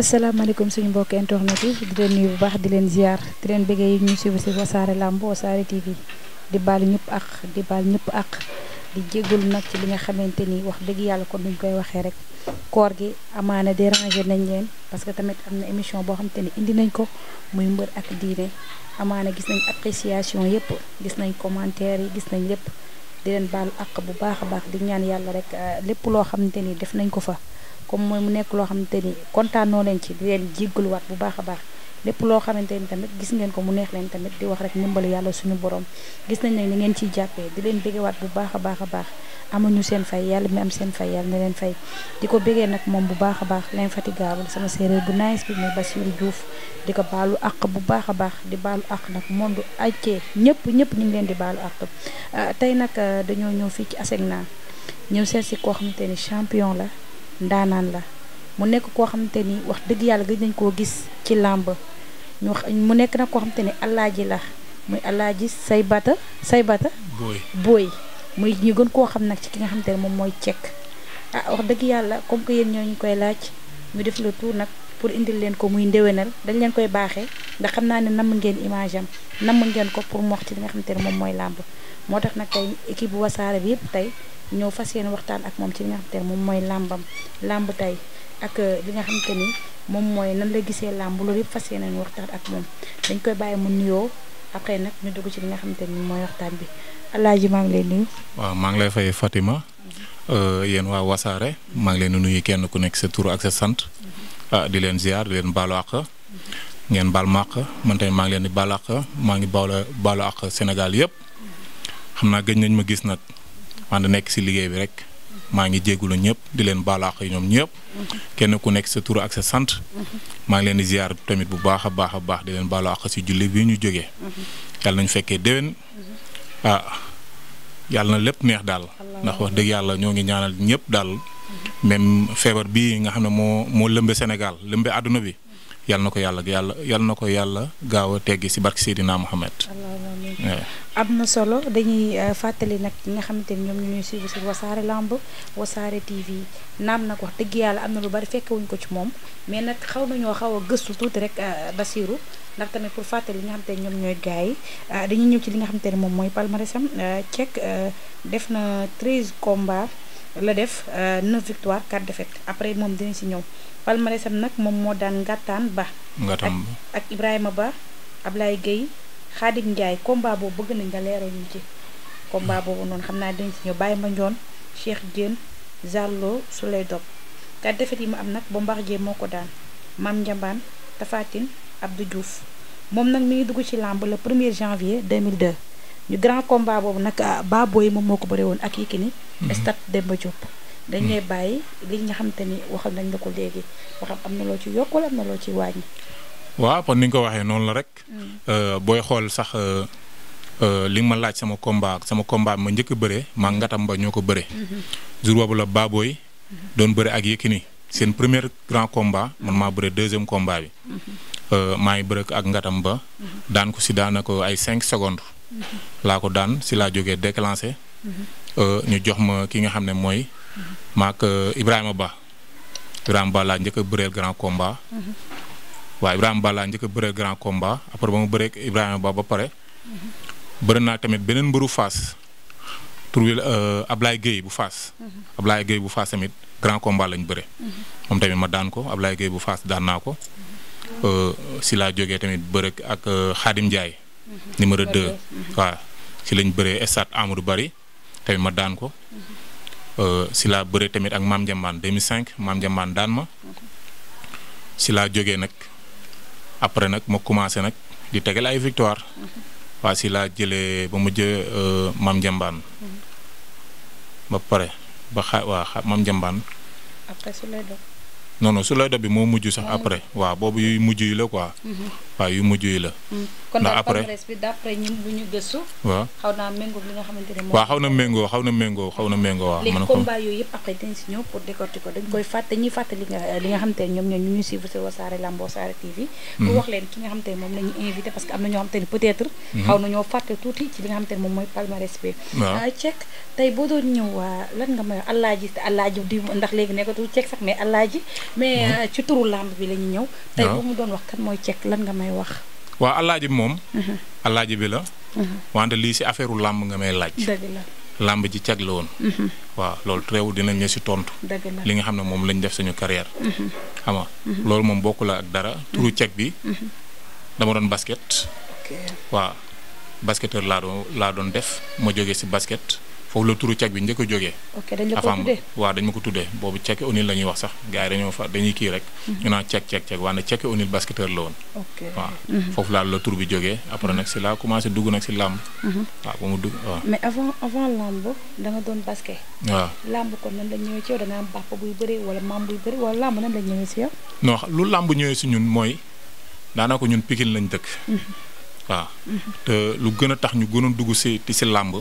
asalaamaaleykum suñu mbokk internet yi di leen nuyu bu baax di leen ziar di leen bëggee yi ñu suivre si wasaare làmb wasaare TV di baal ñëpp ak di baal ñëpp ak di jéggul nag ci li nga xamante ni wax dëgg yàlla kon nuñ koy waxee rek koor gi amaana déranger nañ leen parce que tamit am na émission boo xamante ni indi nañ ko muy mbër ak diine amaana gis nañ appréciation yëpp gis nañ commentaire yi gis nañ lépp di leen baalu ak bu baax a baax di ñaan yàlla rek euh, lépp loo xamante ni def nañ ko fa. comme mooy mu nekk loo xamante ni kontaanoo leen ci di leen jéggaluwaat bu baax a baax lépp loo xamante ni tamit gis ngeen ko mu neex leen tamit di wax rek ndimbalu yàlla suñu borom gis nañ ne ni ngeen ciy jàppee di leen bégewaat bu baax a baax a baax amuñu seen fay yàlla mi am seen fay yàlla na leen fay di ko bégee nag moom bu baax a baax leen l'infatigable sama séeréer bu nice bi muy Bassirou Diouf di ko baalu àq bu baax a baax di baalu àq nag monde entier ñëpp ñëpp ñu ngi leen di baalu àq ah, tey nag ah, dañoo ñëw fii ci Asegna ñëw seet si koo xamante ni champion la ndaanaan la mu nekk koo xamante ni wax dëgg yàlla gëj nañ koo gis ci làmb ñu mu nekk nag koo xamante ni alaaji la muy alaaji say bata say bata booy booy muy ñu gën koo xam nag ci ki nga xamante ne moom mooy cekk ah wax dëgg yàlla comme que yéen ñoo ñu koy laaj ñu def le tour nag pour indil leen ko muy ndéwénal dañ leen koy baaxee ndax xam naa ne namm ngeen image am namm ngeen ko pour mu wax ci li nga xamante ni moom mooy làmb moo tax nag tey équipe bu wasaare bi yëpp tey ñëw fas yéene waxtaan ak moom ci li nga xamante ne moom mooy làmbam làmb tey ak euh, li nga xamante ni moom mooy nan la gisee làmb loolu yëpp fas yéene waxtaan ak moom dañ koy nuyoo après nag ñu dugg ci li nga xamante ni mooy waxtaan bi Alaaji maa ngi lay waaw maa ngi lay fay Fatima. Mhm. Euh, yéen waa wasaare. maa ngi leen di nuyu kenn ku nekk sa tur ak sa sant. Mhm. Ah, di leen ziar di leen baalu àq. Mhm. ngeen baal ma àq man tamit maa ngi leen di baal àq maa ngi baalu baalu àq Sénégal yëpp. xam naa gëj nañ ma gis nag wante nekk si liggéey bi rek maa ngi jégalu ñëpp di leen baalaax ñoom ñëpp kenn ku nekk sa tur ak sa sant maa ngi leen di ziar tamit bu baax a baax a baax di leen baalaax si julli bi ñu jógee yàlla nañ fekkee déwén ah yàlla na lépp neex daal ndax wax dëgg yàlla ñoo ngi ñaanal ñëpp daal même feebar bi nga xam ne moo moo lëmbe Sénégal lëmbe àdduna bi yal na ko yàlla yàlla yal na ko yàlla gaaw a teggi si barke Seydina Mohamed. am na solo dañuy euh, fàttali nag ñi nga xamante ni ñoom ñu ñuy suivre si wasaare lamb wasaare TV naam nag wax dëgg yàlla am na lu bari fekkewuñ ko ci moom mais nag xaw nañoo xaw a gëstu tuuti rek euh, Basiru ndax tamit pour fàttali ñi nga xamante ñoom ñooy gars yi euh, dañuy ñëw ci li nga xamante ne moom mooy palmarèsam Cech def na 13 combats. la def 9 euh, victoires 4 défaites après moom dinañ si ñëw palmarèsam nag moom moo daan Ngataan Ba. Ngataan ak Ibrahima Ba ab Ablaye Gueye Khadim Ndiaye combat boobu bëgg nañ nga leeral ñu ci. komba hmm. boobu noonu xam naa dinañ si ñëw Baye Mandione Cheikh Diène Zallo Souley Dob 4 défaites yi mu am nag Bombardier moo ko daan Mame Ndiambane Tapha Tine Abdou Diouf moom nag mi ngi dugg ci làmb le 1er janvier 2002. ñu grand combat boobu nag ah, Baboy moom moo ko bëre woon ak Yékini mhm. stade Demba Diop dañ lay mhm. bàyyi li nga xam te ni waxal nañ la ko léegi waxam am na loo ci yokk wala am na loo ci wàññi. waaw kon ni ko waxee noonu la rek. Mhm. Euh, booy xool sax euh, euh, li ma laaj sama combat sama combat ma njëkk a bëree ngatam ba ñoo ko bëree. jour boobu la Baboy doon bëre ak ni seen première grand combat man maa bëre deuxième combat bi. maa ngi bëre ak ngatam ba. daan ko si daanaka ay cinq secondes. laa ko daan si laa jógee déclenché. Euh, ñu jox ma ki nga xam ne mooy. maak euh, Ibrahima Ba. Ibrahima Ba laa njëkk a bëreel grand combat. waaw Ibrahima Ba laa njëkk a bëreel grand combat après ba mu bëreeg Ibrahima Ba ba pare. bëri naa tamit beneen mbëru Fass. tur bi euh, Ablaye Gueye bu Fass. Ablaye Gueye bu Fass tamit grand combat lañ bëre. moom tamit ma daan ko Ablaye Gueye bu faas daan naa ko. si laa jógee tamit bëre ak Xaadim numéro 2. Mhm. waaw si lañ bëree stade Amadou Bari tamit ma daan ko. si mhm. euh, laa bëree tamit ak maam Jambaan 2005 maam Jambaan daan ma. si laa jógee nag après nag ma commencé nag di tegal ay victoire. Mhm. waa si laa jëlee ba mujj euh, maam Jambaan. ba pare ba xa maam Jambaan. après su lay doon. non bi moo mujj sax après. waaw boobu yu mujj la quoi. waaw yu mujj la. kon daal palmarès bi d'après ñun lu ñu gëstu. waaw xaw naa méngoo li nga ne moom. xaw na méngoo xaw na méngoo xaw na méngoo waaw. mën na ko léegi combat yooyu yëpp après dañ si ñëw pour décortiquer ko dañ koy fàtte ñuy fàtte li nga li nga xamante ne ñoom ñoo ñu ñu suivre si Wassare Lamb Wassare TV. pour mhm. wax leen ki nga xamante ne moom la ñu invité parce que am na ñoo xamante ne mhm. li moom mooy palmarès bi. waaw ah, Cheikh tey boo doon ñëw lan nga may alaaji te alaaji di ndax léegi nekkatu Cheikh sax mais alaaji mais mhm. ci turu lamb bi la ñu ñëw tey bu mu doon wax kan mooy Cheikh lan nga may wax waaw alaaji bi moom. Mhm. alaaji bi la. Mhm. wante lii si affaire làmb nga may laaj. làmb ji cag mhm. la woon. waaw loolu teewul dinañ la si tontu. li nga xam ne moom lañ def suñu carrière. xam loolu moom bokku la ak dara turu cag bi. dama doon basket. waaw basketteur laa doon laa doon def ma jóge si basket. foofu la turu cek bi njëkk a jógee. ok dañ la ko tuddee waaw dañ ma ko tuddee boobu cek onil la ñuy wax sax gars yi dañoo fa dañuy kii rek. Mhm. ñu naan cek cek cek waaye nag cek onil basketteur la woon. ok waaw mhm. foofu laa la tour bi jógee après mhm. nag si laa commencé dugg nag si làmb. waaw ba mu dugg waaw. mais avant avant làmb da nga làmb kon nan la ñëwee ci làmb nan la ñëwee si yow. non lu làmb ñëwee si ñun mooy ko ñun Pikine lañ dëkk. waa te lu gën a tax ñu gënoon dugg si ci si làmb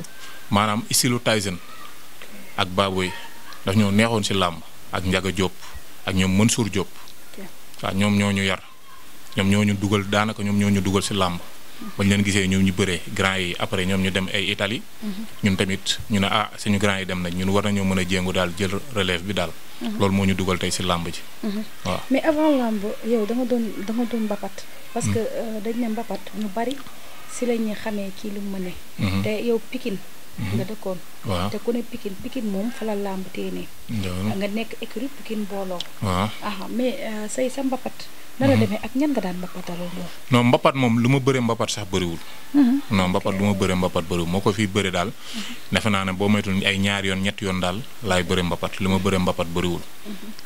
maanaam Isilu Tyson ak Baboy daf ñoo neexoon si làmb ak Njaga Diop ak ñoom mën Mansour Diop waaw ñoom ñoo ñu yar ñoom ñoo ñu dugal daanaka ñoom ñoo ñu dugal si làmb bañ leen gisee ñoom ñu bëree grand yi après ñoom ñu dem ay itali mhm. ñun tamit ñu ne ah suñu grand yi dem nañ ñun war nañoo mën a jéngu daal jël relève bi daal. Mhm. loolu moo ñu dugal tey si làmb ji. Mhm. mais avant làmb yow da doon mbapat. parce que euh, dañ ne mbapat ñu bari si la xamee kii lu mëne. te yow Pikine Mm-hmm. nga dëkkoon. waaw te ku moom lu ma bëree mbapat sax bëriwul. Mm-hmm. non mbapat lu ma bëree mbapat bëriwul moo ko fi bëri daal. Mm-hmm. defe naa ne boo moytuwul ay ñaar yoon ñett yoon daal laay bëree mbapat lu ma bëree mbapat bëriwul.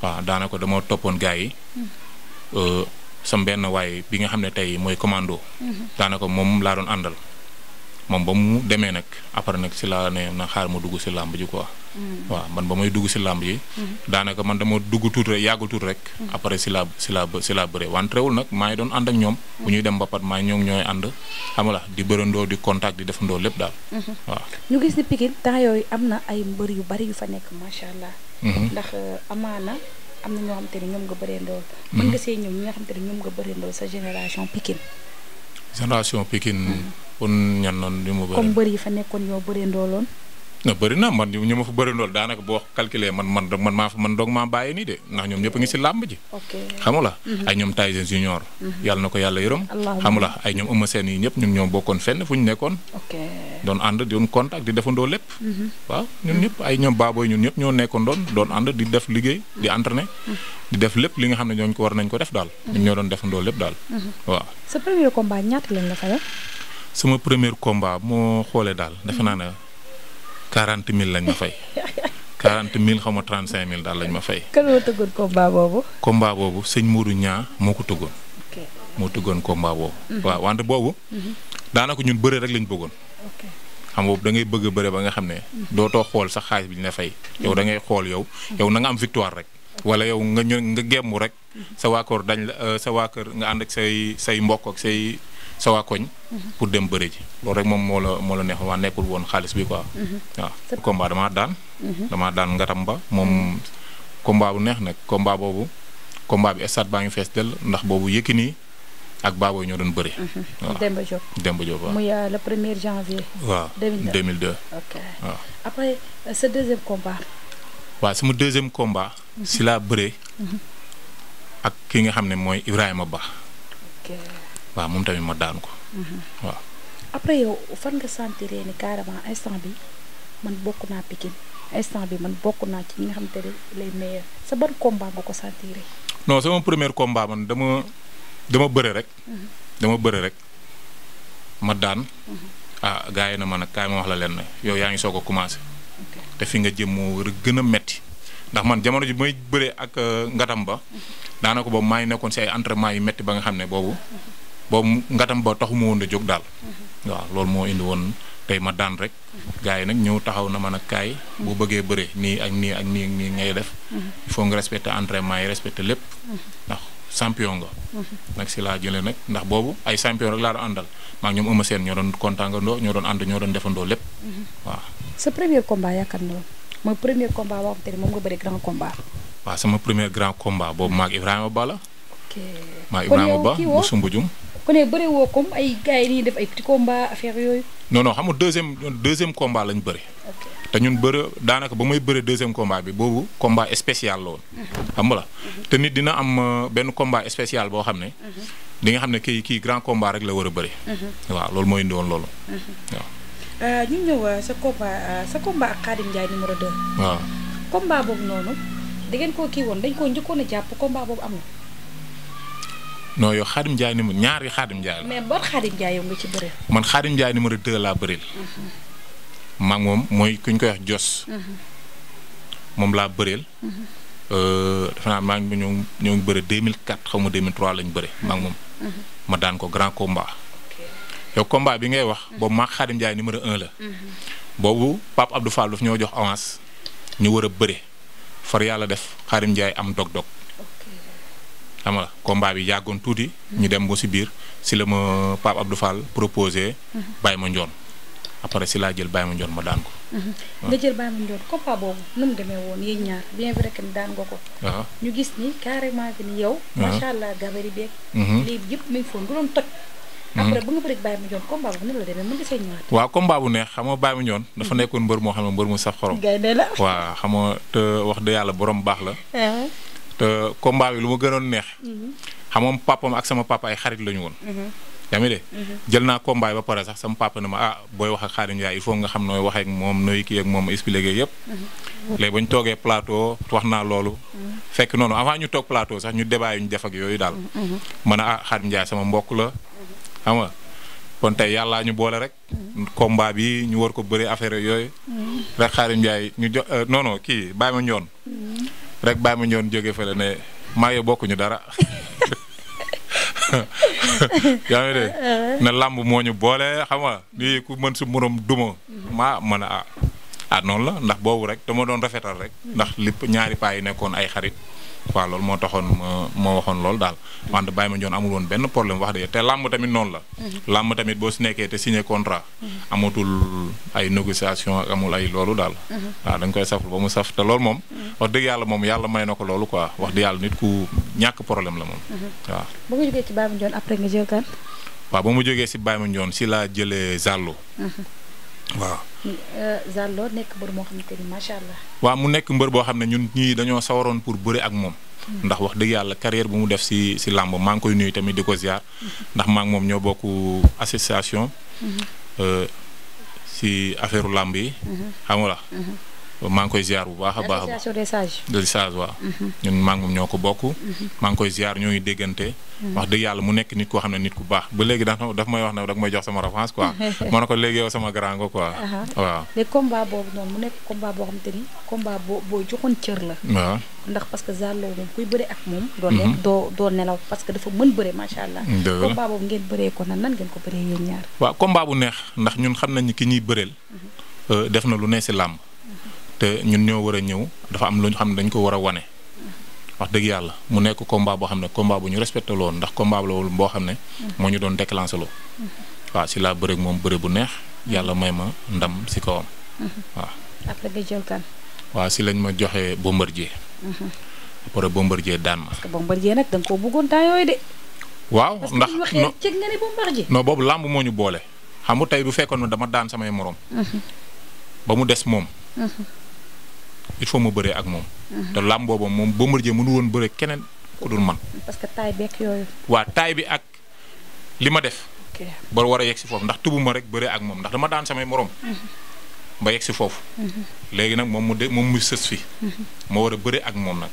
waaw daanaka dama toppoon gaa yi. Euh, sam benn waaye bi nga xam ne tey mooy commando. daanaka moom laa doon àndal. moom ba mu demee nag après nag si laa ne xaar ma dugg si làmb ji quoi. Mm. waaw man ba may dugg si làmb ji. Mm-hmm. daanaka man dama dugg tuut rek yàggu tuut rek. Mm-hmm. après si laa si laa si laa bëree wante rewul nag maa ngi doon ànd ak ñoom. bu ñuy dem ba pat maa ñoom ñooy ànd xam di bërëndoo di contact di defandoo lépp daal. Mm-hmm. waaw ñu gis ni Pikine temps yooyu am na ay mbër yu bari yu fa nekk macha allah. ndax euh, amaana am na ñoo xam te ne ñoom nga bëree ndool. mën nga see ñoom nga un ñan noonu li mu bëri na man ñu a fa bëri ndool daanaka boo calculé man man man maa fa man doog maa bàyyi nii de ndax ñoom ñëpp a ngi si làmb ji. ok xam la mhm. ay ñoom Tyson Junior. Mhm. yàlla na ko yàlla yërëm. xam la ay ñoom Eumeu Sène yi ñëpp ñun ñoo bokkoon fenn fu ñu nekkoon. ok doon ànd doon defandoo lépp. Mhm. waaw ñun ñëpp ay ñoom boo ñun ñëpp ñoo nekkoon doon doon ànd di def liggéey di entraîner. di def lépp li nga xam ne ñooñu ko war nañ ko def daal. ñun ñoo doon defandoo lépp daal. waaw. sama première combat moo xoolee daal defe naa ne quarante mille lañ ma fay quarante mille xaw ma trente cinq mille daal lañ ma fay. kan moo tëggoon combat boobu. combat boobu sëñ Modou ñaa moo ko tëggoon. moo tëggoon combat boobu. Mhm. waaw wante boobu. Mhm. daanaka ñun bëre rek lañ bëggoon. xam boobu da ngay bëgg a bëre ba nga xam ne. Mhm. dootoo xool sax xaalis bi ñu la fay. yow da ngay xool yow. yow nanga nga am victoire rek. wala yow nga ñu nga gemmu rek. sa waa dañ la euh, sa waa kër nga ànd ak say say mbokk ak say. sa koñ. pour dem bëri ji loolu rek moom moo la moo la neexoon waa nekkul woon xaalis bi quoi. Mhm. waaw combat damaa daan. Mhm. damaa daan ngatam ba moom combat bu neex nag combat boobu combat bi stade baa ngi fees dell ndax boobu nii ak Baboy ñoo doon bëri. Mhm. waaw Demba Diop Demba Diop waaw. Euh, deuxième combat. si laa bëree. ak ki nga xam ne mooy Ibrahima Ba. ok. waaw moom tamit ma daan ko. Mhm. waaw. après yow fan nga sentiree ni carrément instant bi man bokk naa Pikine instant bi man bokk naa ci nga xamante ne les meilleurs sa ban combat nga ko sentiree. non sama premier komba man dama dama bëre rek. Mhm. dama bëre rek ma daan. Mhm. ah gaa yi na man nag kaay ma wax la leen ne yow yaa ngi soog a commencé. te nga jëm moo war gën a metti ndax man jamono ji may bëree ak euh, ngatam ba daanaka boobu maa ngi nekkoon si ay entraînement yu metti ba nga xam ne boobu. boobu ngatam ba taxu ma woon a jóg daal waaw loolu moo indi woon tey ma daan rek gars yi nag ñëw taxaw na ma nag kaay bu bëggee bëre nii ak nii ak nii nii ngay def foog faut nga respecter entraînement yi respecter lépp ndax si laa jëlee nag ndax boobu ay champion rek àndal maa ngi ñoom Eumeu Sène ñoo doon kontaangandoo ñoo doon ànd doon defandoo lépp waaw sa premier combat waaw sama premier grand combat boobu maak maag Ibrahima Ba la maag Ibrahima Ba bu Soumbédioune ku ne woo comme ay gars yi ñuy def ay petit combat affaire yooyu. non non deuxième combat lañ bëri. te ñun bëri daanaka ba muy bëri deuxième combat bi boobu combat spécial la woon. Mhm. xam la te dina am euh, benn combat spécial boo xam ne. Mhm. di nga xam ne kii kii grand combat rek la war a bëri. Mhm. waaw loolu moo indi woon loolu. waaw. Euh, ñu ñëw euh, sa combat sa combat ak Khadim Ndiaye numéro 2. waaw combat boobu noonu. da koo kii woon dañ koo njëkkoon a jàpp combat boobu am na. non yow Xaadim Ndiaye ñaari Xaadim Ndiaye la. mais ban Xaadim Ndiaye yow nga man Xaadim Ndiaye numéro 2 laa bëril. Mhm. maa ngi moom mooy ku ñu koy wax Jos. Mhm. moom laa bëreel. Mhm. Euh, dafa naa maa ngi moom. ma daan ko grand combat. yow combat bi ngay wax. boobu maa Xaadim Ndiaye numéro 1 la. boobu Pape Abdou Fall daf ñoo jox avance ñu war a bëre far yàlla def Xaadim Ndiaye am dog-dog. xam nga combat bi yàggoon tuuti. ñu dem ba si biir si la ma Pape Abdou Fall proposé. bàyyi ma njoon après si laa jël bàyyi ma njoon ma daan ko. Mhm. ñu gis ni carrément que ni yow. macha allah gabari beeg. Mhm. lii yëpp mi foon du doon toj. après bu nga bëri bàyyi ma njoon combat bu nan la demee mën nga see ñëwaat. waaw combat bu neex xam nga bàyyi ma njoon. dafa mhm. nekkoon mbër moo xam ne mbër mu saf xorom. gaynde la te wax dëgg yàlla borom baax la. Uh-huh. te combat bi lu ma gënoon neex. Mhm. xam moom papam ak sama papa ay xarit lañu woon. Mhm. yaa ngi dégg mhm. jël naa combat ba pare sax sama papa ma ah booy wax ak Khadim Ndiaye il faut nga xam nooy waxee ak moom nooy kii moom expliqué yëpp. léegi ba ñu toogee plateau wax naa loolu. fekk noonu avant ñu toog sax ñu débat ñu def yooyu daal. ma ne ah Khadim sama mbokk la. xam nga kon tey yàllaa ñu boole rek. combat bi ñu war ko bëri affaire yooyu. rek Khadim ñu jo euh, non kii bàyyi ma ñoon rek bàyyi ma ñoon jóge fële ne maa ngi bokkuñu dara yaa ngi na uh-huh. ne làmb moo ñu boole xam nga nii ku mën si moroom duma maa mën a ah ah noonu la ndax boobu rek dama doon rafetal rek mm-hmm. ndax li ñaari paa yi nekkoon ay xarit waaw loolu moo taxoon ma moo waxoon loolu daal baay ma Mandione amul woon benn problème wax dëgg te làmb tamit noonu la mhm. làmb tamit boo si nekkee te signé contrat mhm. amatul ay négociation ak amul ay loolu daal mhm. waaw dañ koy saful ba mu saf te loolu moom wax dëgg yàlla moom yàlla may na ko loolu quoi wax di yàlla nit ku ñàkk problème la moom waaw ba mu jógee ci Baye Mandione après nga mu jógee si laa jëlee Zallo waaw. Euh, Zallo waaw mu nekk mbër boo xam ne ñun ñii dañoo sawaroon pour bëri ak moom. Hmm. ndax wax dëgg yàlla carrière bu mu def si si làmb maa ngi koy nuyu tamit di ko ziar. Hmm. ndax maa ngi moom ñoo bokku association. Hmm. Euh, si affaire làmb yi. xam nga maa ngi koy ziar bu baax a baax. Mhm. Mhm. Mhm. ba léegi dafa daf may wax ne daf may jox sama référence quoi. ma ne ko léegi yow sama grand nga quoi. waaw léegi combat boobu noonu mu nekk combat boo xam te ni combat boo boo joxoon cër la. waaw ndax parce que Zallo moom kuy bëre ak moom. doo nekk doo doo nelaw parce que dafa mën bëre macha allah. dëgg la ngeen bëree ko nan nan ngeen ko bëree yéen ñaar. waaw combat bu neex ndax ñun xam nañ ki ñuy bëreel euh, def na lu ne si làmb te ñun ñoo war a ñëw dafa am lu ñu xam ne dañ ko war a wane. wax dëgg yàlla mu nekk combat boo xam ne combat bu ñu respecté loon ndax combat la woon xam ne. moo ñu doon déclenché loo. waaw si laa bëreeg moom bëre bu neex yàlla may ma ndam si kawam. waaw si lañ ma joxe Bombardier. après Bombardier daan ma. parce que Bombardier nag da nga ndax parce que cëg boobu làmb moo ñu boole xam nga tey bu fekkoon ne dama daan samay morom. Mhm. ba mu des moom. Mhm. il faut ma bëree ak moom. te làmb boobu moom Bombardier mënu woon bëre keneen ku dul man. parce que taay waa taay bi ak li ma def. ba war a yeg si foofu ndax tubu ma rek bëree ak moom ndax dama daan samay morom. ba yegg si foofu. léegi nag moom mu de moom mu sës fi. ma war a bëre ak moom nag.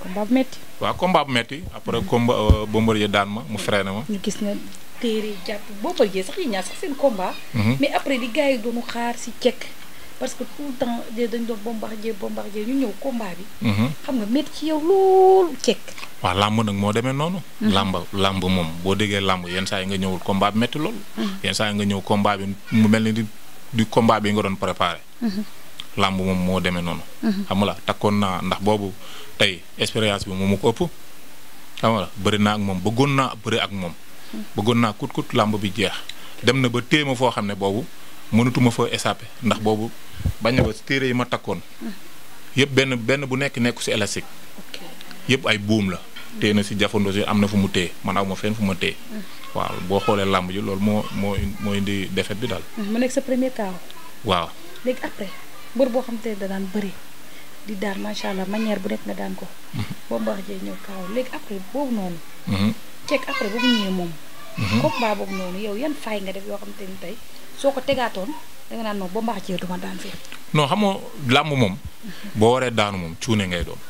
combat bu metti. waaw combat bu metti après combat euh, Bombardier daan ma mu freiné ma. ñu gis ne téere jàpp Bombardier sax yi ñaar sax seen combat. mais après li gars doonu xaar si cek. parce que tout temps dañ doon bombardier bombardier ñu ñëw combat bi. Mhm. xam nga métti ci yow loolu cek. waaw làmb nag moo demee noonu. Mhm. làmb làmb moom boo déggee làmb yenn saa yi nga ñëwul combat bi métti mhm. nga ñëw combat bi mu mel ni di di combat bi nga doon préparé. làmb moom moo demee noonu. xam nga takkoon naa ndax boobu tey expérience bi moom mu ko ëpp. xam nga bëri naa ak moom bëggoon naa bëri ak moom. bëggoon naa kut kut làmb bi jeex dem na ba téema foo xam ne boobu. mënatuma fa échappé ndax boobu bañ na ba téere yi ma takkoon yëpp benn benn bu nekk nekku si élastique yëpp ay buum la téye na si jafandoo si am na fu mu téye man aw ma fenn fu ma téye mm. waaw boo xoolee làmb ji loolu moo moo moo indi défaite bi daal. ma mm, nekk sa premier kaaw. waaw léegi boo xam te da daan bëri di daan macha allah bu nekk nga daan ko. boo mbaax jee ñëw kaaw léegi après boobu noonu. Mm-hmm. ceeb après boobu ñëwee moom. Mm-hmm. combat boobu noonu yow yan faay nga def yoo xam te tey. soo ko tegaatoon da nga xam làmb moom. boo waree daanu moom cuune ngay doon.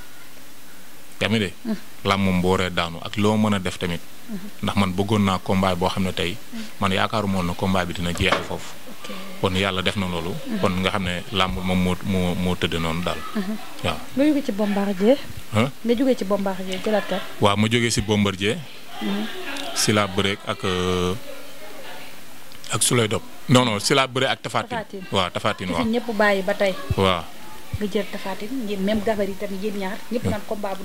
yaa ngi dégg. ak loo mën a def tamit. ndax man bëggoon naa combat boo xam ne tey. man yaakaaru moon na combat bi dina jeexee foofu. kon yàlla def na loolu. kon nga xam ne làmb moom moo moo moo tëdd noonu daal. Mhm. waaw nga jógee ci Bombardier. nga jógee ci Bombardier jëlaat kat. waaw ma jógee si Bombardier. Mhm. si la bëreek ak euh, ak su non ci laa bëre ak Tapha Tine waaw tafaatin Tine waaw ñëpp bàyyi ba tey waaw nga jël Tapha Tine hmm. naan combat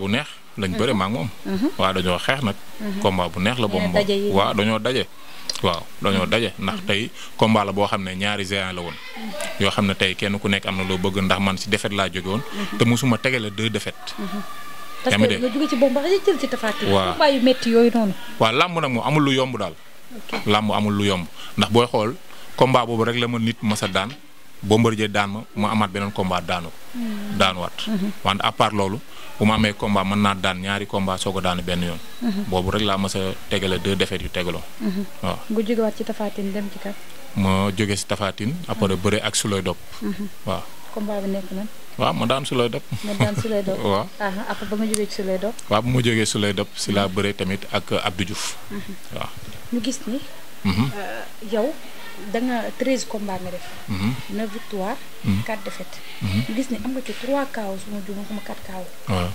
bu neex lañ hmm. bari maa ngi moom hmm. waaw dañoo xeex nag combat bu neex la boobu moom waa dañoo daje waaw dañoo daje ndax tey combat la boo xam ne ñaari géant la woon yoo xam ne tey kenn ku nekk am na loo bëgg ndax man si defet laa jóge te mosuma tegale deux defet yaa parce que nga jóge ci Bombardier jël ci Tapha Tine. waaw yu métti yooyu noonu. waaw làmb nag moom amul lu yomb daal. làmb amul lu yomb ndax booy xool combat boobu rek la ma nit mas a daan Bombardier daan ma ma amaat beneen combat daanu ko. Hmm. daanuwaat. Mhm. wante à loolu bu ma amee combat mën naa daan ñaari combat soog a daanu benn yoon. Mhm. boobu rek laa mas a tegale deux défaites yu tegaloo. Mhm. waaw nga jógewaat ci ma jóge si Tapha Tine bëre ak su looy dopp waaw combat bi nekk nan. waaw ma daan Souleye Dop. ma daan Souleye Dop waaw. ba bu ma jógee sulay Dop si laa mhm. bëree tamit ak Abdou Diouf. Mhm. waaw ñu gis ni. Mhm. Euh, yow da nga treize combats nga def. Mhm. neuf victoire. Mhm. quatre défaites. Mhm. gis ni am nga ci trois KO su ma juumee sama quatre KO.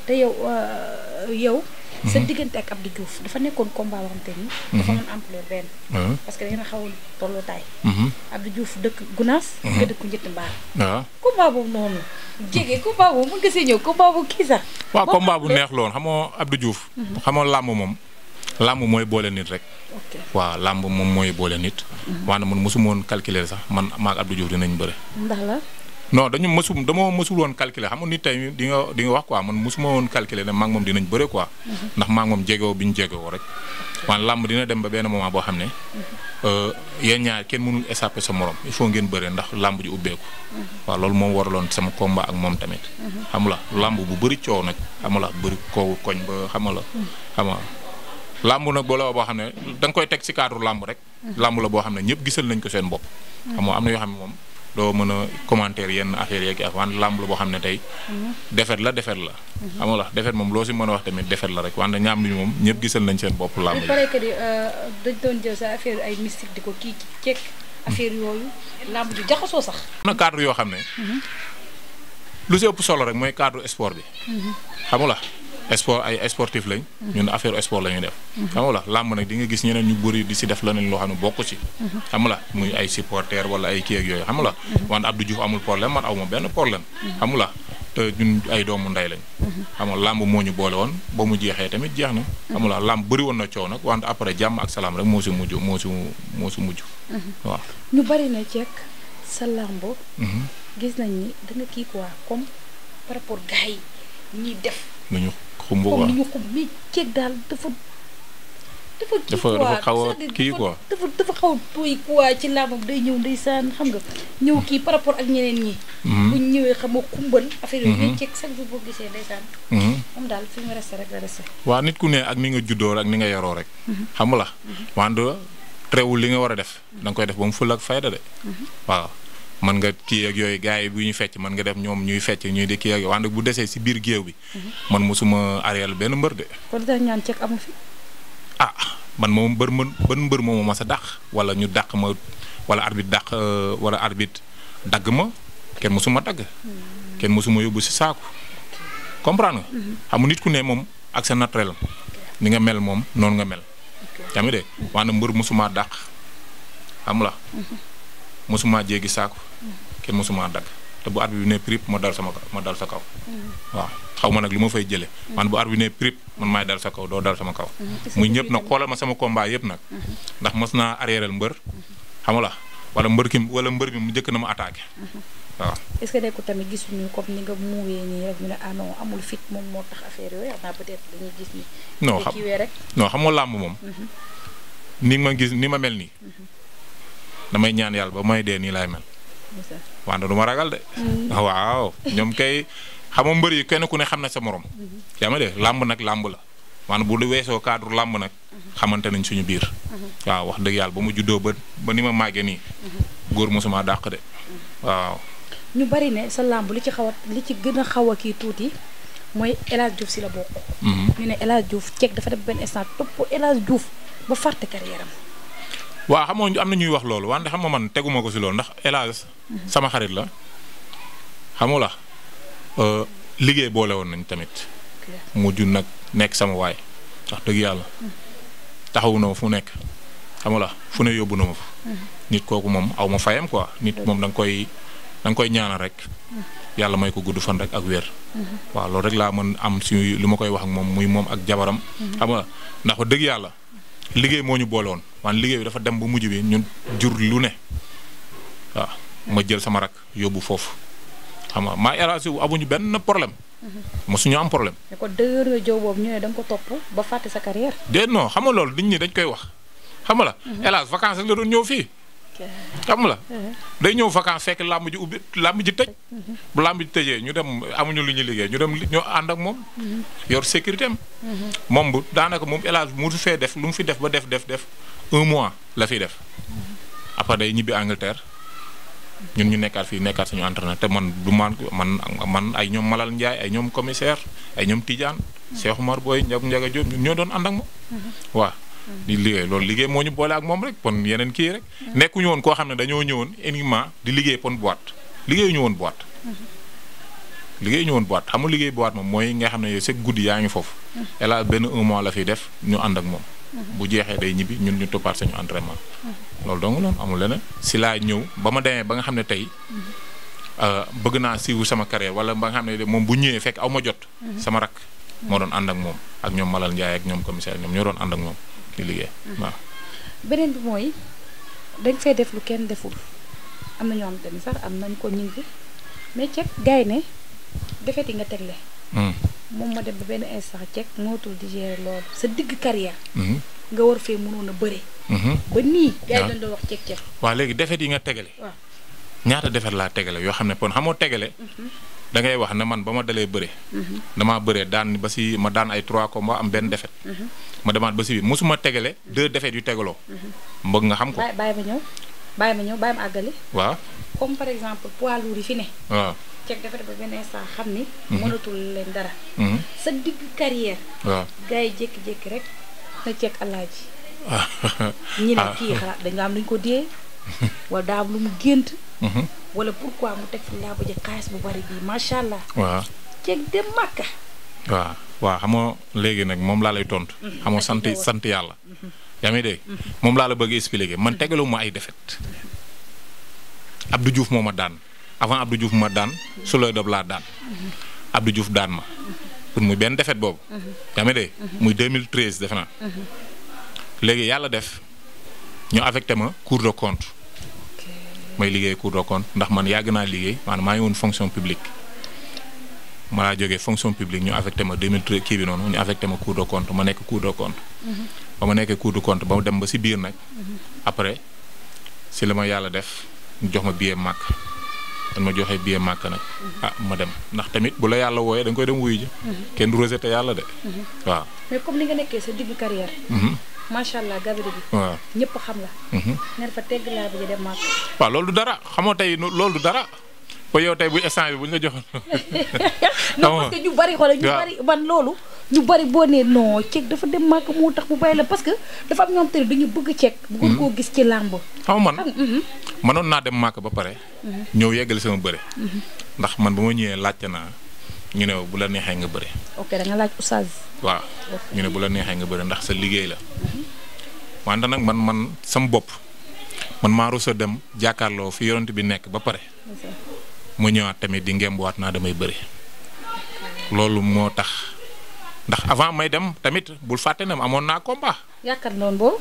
te yow euh, yow. sa diggante ak Abdou Diouf dafa nekkoon combat boo xam parce que da xaw a tolloo taay. dëkk Gunaas. nga dëkk Njëtt Mbaar. waaw boobu noonu. jege combat boobu mën nga ñëw combat boobu kii sax. waaw combat bu neex lool xamoo Abdou Diouf. xamoo làmb moom. làmb mooy boole nit rek. waaw làmb moom mooy boole nit. maanaam mhm. man mosuma woon calculer sax man maag Abdou Diouf dinañ bëre. ndax la. non dañu mësum dama mësul woon calculer xam nga nit tey di nga di nga wax man mësuma woon calculer ne maag moom dinañ bëre quoi. Mhm. ndax maag moom jegewoo ñu jegewoo rek. waaye làmb dina dem ba benn moment boo xam ne. Mhm. Euh, yéen ñaar kenn mënul échapper sa morom il faut ngeen bëree ndax làmb ji ubbeeku. waaw loolu moom waraloon sama komba ak moom tamit. xam la làmb bu bëri coow nag xam la bëri koowu koñ ba xam la. làmb nag boo la boo xam ne danga koy teg ci cadre làmb rek. làmb la boo xam ne ñëpp gisal nañ ko seen bopp. Mm-hmm. xam am na yoo xam ne moom doo mën a commentaire yenn affaire yeeg waan làmb boo xam ne tey. Mm-hmm. defet la defet la. Mm-hmm. xam nga defet moom loo ci mën a wax tamit defet la rek wante ñaam bi moom ñëpp gisal seen bopp. làmb yi pare que euh, dañ na cadre yoo xam ne. lu ci ëpp solo rek mooy cadre sport bi. xam nga sport ay sportif lañ. ñun affaire sport la ñuy def. xam nga làmb nag di nga gis ñeneen ñu bëri di si def leneen loo xam ne bokk ci. xam la muy ay supporter wala ay kii ak yooyu xam nga la. wante Abdou Diouf amul problème man aw ma benn problème. xam la te ñun ay doomu ndey lañ. xam nga làmb moo ñu boole woon ba mu jeexee tamit jeex na. xam nga làmb bëri woon na coow nag wante après jàmm ak salaam rek moo si mujj moo si mujj. waaw ñu bari na ceek sa làmb. Mhm. gis nañ ni kii quoi comme xumb quoi xumb daal dafa. dafa xaw a kii quoi dafa dafa xaw a tooy quoi ci laamam day ñëw ndeysaan xam nga ñëw kii par rapport ak ñeneen ñi. Mm-hmm. bu ñëwee xam nga kumbal. affaire yooyu day ceeb chaque boo gisee ndeysaan. Mm-hmm. moom daal fi mu resté rek la resté. waa nit ku ne ak ni nga juddoo ak ni nga yaroo rek. Mm-hmm. xam nga la. wante li nga war a def. da koy def ba mu ful ak fayda de waaw. man nga kii ak yooyu gars yi bu ñu fecc man nga def ñoom ñuy fecc ñuy di kii ak wante bu desee si biir géew bi. Mhm. man mosuma arrière benn mbër de. kon dañu ñaan ah man moom mbër man ban mbër moomu ma sa dàq wala ñu dàq ma wala arbit dàq euh, wala arbitre dagg ma kenn mosuma dagg. Hmm. kenn mësuma yóbbu si saako. comprendre mhm. nga. nit ku ne moom ak sa naturel ni nga mel moom noonu nga mel. yaa ngi dégg mhm. wante mbër mosuma dàq xam la mosuma jéggi saako kenn mosuma dagg te bu arbitre bi ne prip ma dal sama ma dal sa kaw mm-hmm. waaw xaw ma nag lu ma fay jële mm-hmm. man bu arbitre bi ne prip man maay dal sa kaw doo dal sama kaw mm-hmm. muy ñëpp na xoolal ma sama combat yëpp nag ndax mos naa arrièral mbër xam la wala mbër ki wala mbër mu njëkk na ma attaqué waaw est-ce que ah gis ni xam xam làmb moom ni ma gis ni ma mel nii damay ñaan yàlla ba may dee nii laay mel. wante du ma ragal de. Mm. waaw ñoom kay xam nga mbër yi kenn ku ne xam na sa moroom mm-hmm. yaa ma de làmb nag làmb la maanaam bu weesoo cadre làmb nag. Mm-hmm. xamante nañ suñu biir. Mm-hmm. waaw wax dëgg yàlla ba mu juddoo ba ba ni ma màggee nii. góor mosuma dàq de waaw. ñu bari ne sa làmb li ci xaw li ci gën a xaw a kii tuuti mooy El Hadj si la bokk. ñu ne El Hadj Diouf dafa def benn instant topp El Hadj ba fàtte carrière waa xam nga am na ñuy wax loolu wante xam ma man teguma ko si loolu ndax hélas mhm. sama xarit la xam la euh, liggéey boole woon nañ tamit. mujj nag nekk sama waay wax dëgg yàlla mhm. taxawu na fu nekk xam la fu ne yóbbu na ma fa. Mhm. nit kooku moom aw ma fayam ko nit moom danga koy da koy ñaanal rek. yàlla may ko gudd fan rek ak wér. waaw loolu rek laa mën am si lu ma koy wax ak moom muy moom ak jabaram. xam nga ndax dëgg yàlla. liggéey moo ñu boole woon waan liggéey dafa dem ba mujj bi ñun jur lu ne waaw ma jël sama rak yóbbu foofu xam nga maa érasé wu amuñu benn problème. Mhm. mosuñu am problème. mais kon deux heures jow boobu ñu ne ko topp ba fàtte sa carrière. de non xam nga loolu nit ñi dañ koy wax xam nga la. Mhm. hélas vacances la doon ñëw fii. xam la day ñëw vacance fekk làmb ji ubbi làmb ji tëj bu làmb tëjee ñu dem amuñu lu ñu liggéey ñu dem ñu ànd ak moom yor sécurité am moom bu daanaka moom élage mu fee def lu mu fi def ba def def def un mois la fi def après day ñibbi Angleterre ñun ñu nekkaat fii nekkaat suñu entraîneur te man du man man man ay ñoom Malal Ndiaye ay ñoom commissaire ay ñoom Tidiane Cheikh Omar Boy Ndiaga Ndiaga Diop ñoo doon ànd ak moom waaw di liggéey loolu liggéey moo ñu boole ak moom rek pon yeneen kii rek. nekku mm-hmm. nekkuñu woon koo xam ne dañoo ñëwoon uniquement di liggéey pon boîte liggéeyuñu woon boîte. Mm-hmm. liggéey ñu woon boîte xam nga liggéey boîte moom mooy nga xam ne yow sa guddi yaa ngi foofu. Mm-hmm. ela benn un la fiy def ñu ànd ak moom. bu jeexee day ñibbi ñun ñu toppaat sañu entraînement. loolu dong loon amul leneen si laa ñëw ba ma demee ba nga xam ne tey euh, bëgg naa siiwu sama carrière wala ba nga xam ne moom bu ñëwee fekk aw ma jot. sama rak moo doon ànd ak moom ak ñoom Malal Ndiaye ak ñoom commissaire ñoom ñoo doon ak moom. ñu liggéey ah. waaw. beneen bi mooy dañ fay def lu kenn deful am na ñoo xam te sax am nañ ko ñu ngi fi mais ceeb gars yi ne defet yi nga tegle. Hmm. moom ma dem ba benn ay instant ceeb mootul di gérer loolu sa digg carrière. Hmm. nga war fee mënoon a bëre. Hmm. ba nii gars yi dañ doon wax ceeb ceeb. waaw léegi defet yi nga tegale. waaw ñaata defet laa tegale yoo xam ne kon xamoo tegale. dangay wax ne man ba ma dalee bëre. damaa bëre daan ba si ma daan ay trois combats am benn défaite. ma demaat ba si biir mosuma tegale deux défaites yu tegaloo. mbëgg nga xam ko bàyyi bàyyi ma ñëw bàyyi ma àggale. waaw comme par exemple poids lourd fi ne. waaw ceeb dafa ba benn instant xam ni. Mhm. mënatul leen dara. Mhm. sa digg carrière. waaw gars yi jékki-jékki rek na ceeb alaaji. ñi ne ah. kii xalaat dañ nga am luñ ko dee. wala daa am lu mu gént. Mhm. wala pourquoi mu allah. waaw waaw xam nga léegi nag moom laa lay tontu. Mm-hmm. xam nga sant sant yàlla. Mm-hmm. yaa ngi dégg mm-hmm. moom laa la bëgg léegi man tegalu ma ay défaite Abdou Diouf moom a daan avant Abdou Diouf ma daan su looy dob laa daan Abdou juuf daan ma pour mu benn défaite boobu. yaa ngi dégg muy 2013 defe naa. léegi yàlla def ñu affecté ma Cour des comptes. may liggéey Cour des comptes ndax man yàgg naa liggéey maanaam maa ngi woon fonction publique ma laa jóge fonction publique ñu affecté ma 2003 kii bi noonu ñu affecté ma Cour des comptes ma nekk Cour des comptes. Mhm. ba ma nekkee Cour des comptes ba dem ba si biir nag. Mhm. après si la ma yàlla def ñu jox ma billet màkk dañ ma joxee billet màkk nag. Mhm. ah ma dem ndax tamit bu la yàlla wooyee da koy dem wuyu ji. kenn du rejeté yàlla de. waaw macha allah gabri bi. waaw ñëpp xam la. Mhm. ne fa tegg laa bëgg dem màgg. waaw loolu dara xamoo tey loolu du dara. ba yow tey bu instant bi bu ñu la joxoon. non parce que ñu bari xoolal ñu bari boo nee non ceeb dafa dem màgg moo tax bu bàyyi la parce dafa am ñoom tamit dañu bëgg ceeb. Mhm. bëggoon koo gis ci làmb. xam mhm. man mënoon naa dem màgg ba pare. ñëw yeggale sama bëre. ndax man bu ma ñëwee laajte naa. ñu ne bu neexee nga bëre. waaw ñu ne bu la neexee nga bëre ndax sa liggéey la. wante nag man man sam bopp man maa dem jàkkaarloo fi yonent bi nekk ba pare. moo ñëwaat tamit di ngembuwaat naa damay bëre. loolu moo tax ndax avant may dem tamit bul fàtte ne amoon naa combat. yaakaar noonu boobu.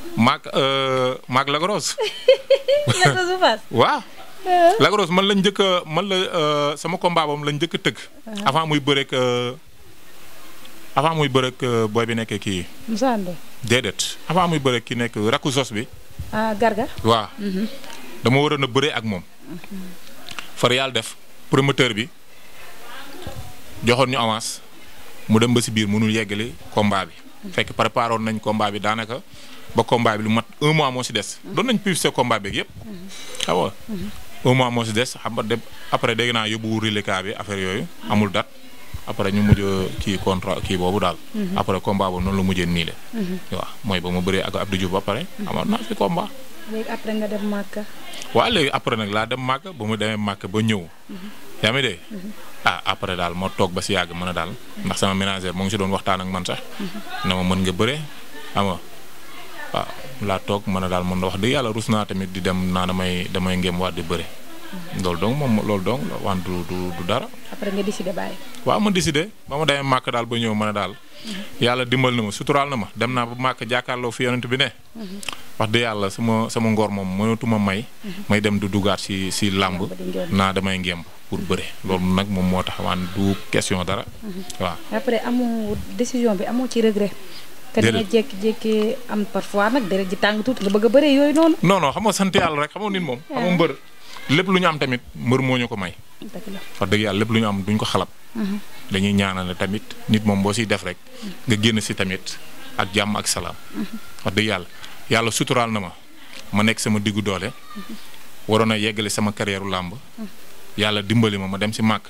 Euh, Lac man la njëkk a man la euh, sama combat bam lañ njëkk a tëgg. avant muy bëreeg euh, avant muy bëreeg euh, booy bi nekk kii. Moussa Ndoye. déedéet avant muy bëreeg ki nekk rakku sos bi. ah Garga. waaw. Mhm. dama waroon a bëree ak moom. Mhm. far yàlla def promoteur bi joxoon ñu avance mu dem ba si biir mënul yeggali combat bi. Mhm. fekk préparé woon nañ combat bi daanaka ba combat bi lu mat un mois moo si des. doon nañ publicité combat beeg yëpp. xaw un mois moo si des xam nga après dégg naa yóbbu reliquat bi affaire yooyu amul date après ñu mujj euh, kii contrat kii boobu daal. Mhm. après combat boobu noonu la mujjee niile. Mhm. waaw mooy ba mu bëree ak Abdou Diouf ba pare. Mhm. amoon naa fi combat. léegi après léegi après nag laa dem Màkka ba mu demee Màkka ba ñëw. yaa ngi ah, daal ma toog ba si yàgg mën a daal. ndax sama ménager moo ngi si doon waxtaan ak man sax. na ma mën nga bëre xam laa toog mën a daal mën na wax dëgg yàlla rus naa tamit di dem naa damay damay waa waat di bëre. loolu dong moom loolu dong la du du dara. après waaw ma décidé ba ma demee màkk daal ba ñëw mën a daal. Mhm. yàlla dimbal na ma suturaal na ma dem naa ba màkk jàkkaarloo fi yonent bi ne. Mhm. wax dëgg yàlla sama sama ngor moom mënatuma may. Mhm. may dem du dugaat si si làmb. naa damay ngemb pour bëre loolu nag moom moo tax waan du question dara. waaw te di nga jékki-jékki am parfois nag deret ji tàng tuuti nga bëgg a bëree yooyu noonu. non non xam nga sant yàlla rek xam nga nit moom. xam nga ah. mbër lépp lu ñu am tamit mbër moo ñu ko may. dëgg wax dëgg yàlla lépp lu ñu am duñ ko xalab. Mhm. dañuy ñaanal tamit nit moom boo siy def rek. Mhm. nga génn si tamit ak jàmm ak salaam. Mhm. wax dëgg yàlla yàlla suturaal na ma ma nekk sama diggu doole. waroon a yeggale sama carrière làmb yàlla dimbali ma ma dem si màkk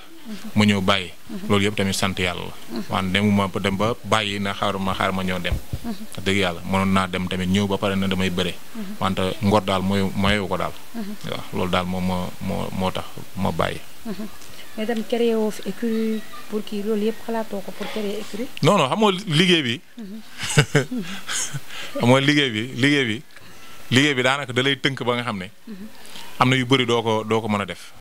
ma ñëw bàyyi loolu yëpp tamit sant yàlla la waan demuma dem ba bàyyi na xaar ma xaar ma ñëw dem wax dëgg yàlla mënoon naa dem tamit ñëw ba pare na damay bëre wante ngor daal mooy mayewu ko daal daal moom moo moo tax ma bàyyi mais dem liggéey bi xam liggéey bi liggéey bi liggéey bi daanaka dalay tënk ba nga xam ne mhm. am na yu bëri doo ko doo ko mën a def